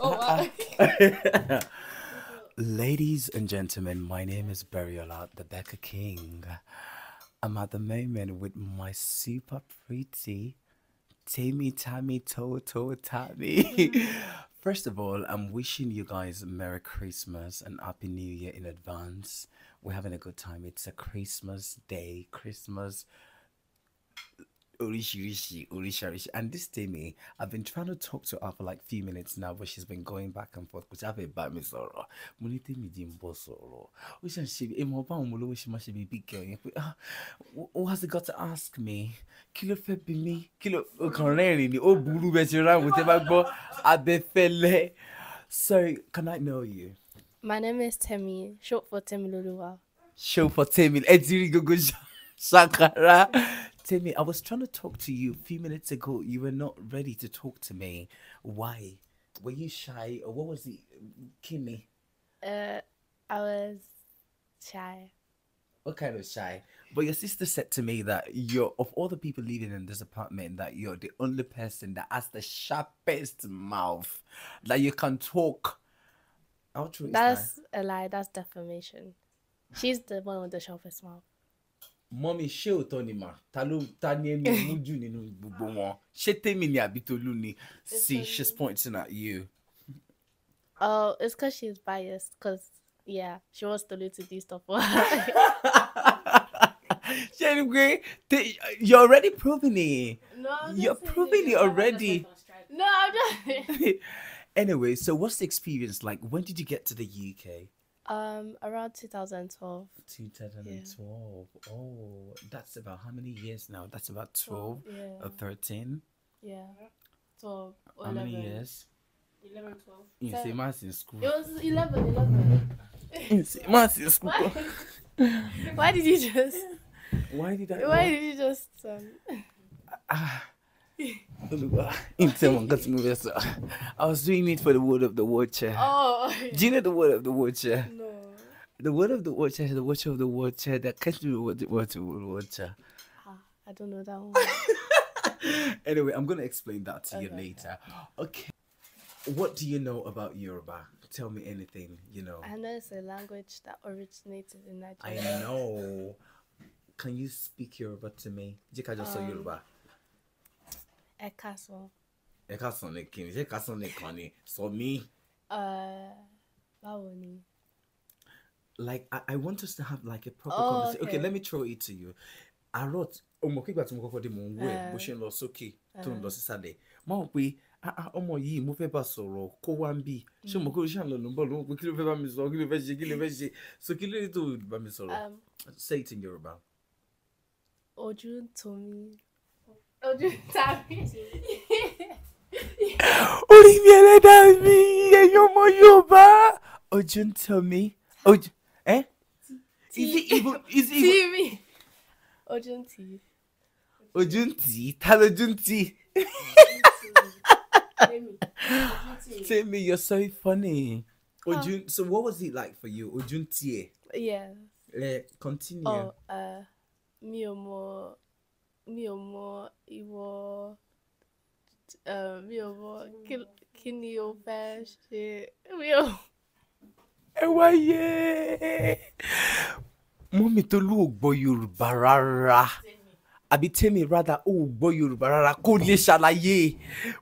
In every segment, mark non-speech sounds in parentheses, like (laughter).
Oh, wow. (laughs) Ladies and gentlemen, my name is Beriola, the Becca King. I'm at the moment with my super pretty Tammy Tammy Toto Tammy. (laughs) First of all, I'm wishing you guys Merry Christmas and Happy New Year in advance. We're having a good time. It's a Christmas day, Christmas Orishirishi, Orishirishi. And this Demi, I've been trying to talk to her for like few minutes now, but she's been going back and forth. which I've been by me sọ̀rọ̀. Mo ní Demi di ń bọ̀ sọ̀rọ̀. big girl ah what has he got to ask me? Kilo ló fẹ́ bí mi? Kí ló oh, ni? Ó oh, bulu bẹ́ẹ̀ ṣe ráhùn abe fele. So can I know you? My name is Temi, short for Lulua. Short for Temi, Ediri Gogo Shakara. Timmy, I was trying to talk to you a few minutes ago. You were not ready to talk to me. Why? Were you shy or what was it? Kimmy? Uh, I was shy. What kind of shy? But your sister said to me that you're, of all the people living in this apartment, that you're the only person that has the sharpest mouth, that you can talk. How true That's that? a lie. That's defamation. She's the one with the sharpest mouth mọ́mí ṣé òótọ́ ni mà ta ló ta ni ẹni (laughs) mú jù nínú gbogbo wọn ṣé tèmi ni àbí Tolú ni see she's pointing at you. Oh, it's because she's biased. Because yeah, she wants to Tolu to this stuff for her. Anyway, (laughs) you're already proving it. No, you're proving it already. No, I'm just. (laughs) anyway, so what's the experience like? When did you get to the UK? Um, around 2012. 2012. Yeah. Oh, that's about how many years now? That's about 12 yeah. or 13? Yeah. 12. How 11. many years? 11, 12. You see, in school. It was 11, 11. (laughs) you say in school. (laughs) Why? did you just. Why did I. Why did you just. Um... Ah. Into one got So I was doing it for the word of the watcher. Oh, yeah. do you know the word of the watcher? No. The word of the watcher is the watcher of the watcher that catches the word of the watcher. Ah, I don't know that one. anyway, I'm gonna explain that to okay, you later. Okay. What do you know about Yoruba? Tell me anything you know. I know it's a language that originated in Nigeria. I know. Can you speak Yoruba to me? Jika just um, Yoruba. Ẹ káàsán. Ẹ káàsán ni kí ni ṣé káàsán nìkan ni sọ mí. Báwo ni? Like I, I want us to have like a proper oh, conversation. Okay. okay, let me throw it to you. Àárọ̀ ọmọ kígbà tí mo kọ́kọ́ dé mò ń wẹ̀ bó eh. ṣe ń lọ sókè tó ń lọ eh. sísàlẹ̀. Máa wọ pé ah, ah, ọmọ yìí mo fẹ́ bá sọ̀rọ̀ kó wá ń bì. Ṣé mo kó o àlọ́ ló ń bọ̀ ló ń pè kí ló fẹ́ bá mi sọ kí ló fẹ́ ṣe kí ló fẹ́ ṣe so kí ló dé tó bá mi sọ̀rọ̀. Um, Say it in Yorùbá. Ojú ń tọ́ orí mi ẹlẹ́dàá mi ẹ̀yin ọmọ Yorùbá ojú ń tàn mí ojú ẹ́ tí mi ojú ń Is oju í. ojú ń tì í ta lójú ń tì í. Timmy, you're so funny. Ojun, so what was it like for you? Ojun T. Eh? Yeah. Uh, continue. Oh, uh, mi ò mọ̀ mi ò mọ ìwọ, eh, mi ò mọ kí ni o fẹ́ ṣe. Mi ò. Ẹ wáyé! Mọ́mì Tolú ò gbọ́ Yorùbá rárá. àbí tèmi rather oh gbọ́ yorùbá rárá kò lè ṣàlàyé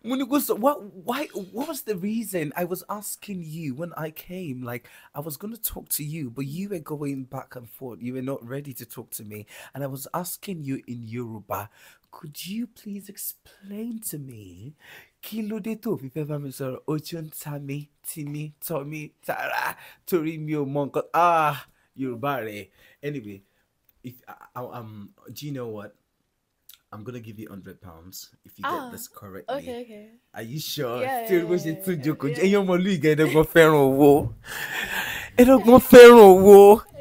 mo ní kò sọ what why what was the reason i was asking you when i came like i was gonna talk to you but you were going back and forth you were not ready to talk to me and i was asking you in yorùbá could you please explain to me kí ló dé tó fi fẹ́ bá mi sọ̀rọ̀ ojú ń ta mi tì mí tọ́ mi tara torí mi ò mọ nǹkan ah yorùbá rẹ anyway if I, I, um do you know what I'm gonna give you hundred pounds if you ah, get this correctly. Okay, okay. Are you sure? Still Tí o bó ṣe tún jókòó jẹ́ ẹ̀yin ọmọlúwìgá ẹ̀dọ́gbọ́n fẹ́ràn owó. Ẹ̀dọ́gbọ́n (laughs) fẹ́ràn owó.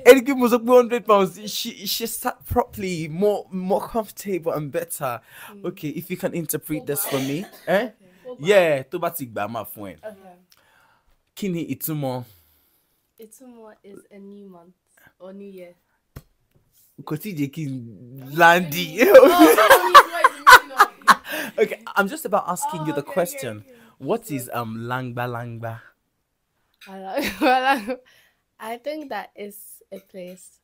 Ẹ̀dọ́gbọ́n mo give pé hundred pounds she she sat properly more more comfortable and better. Mm. Okay, if you can interpret this for me. (laughs) Eh? Okay. Yeah, tó batik by my máa fún ẹ. Kí ni ìtumọ̀? Ìtumọ̀ is a new month or new year. Koti Jekin (laughs) (laughs) okay, I'm just about asking oh, you the okay, question. Okay, okay. What is um langba langba? (laughs) I think that is a place.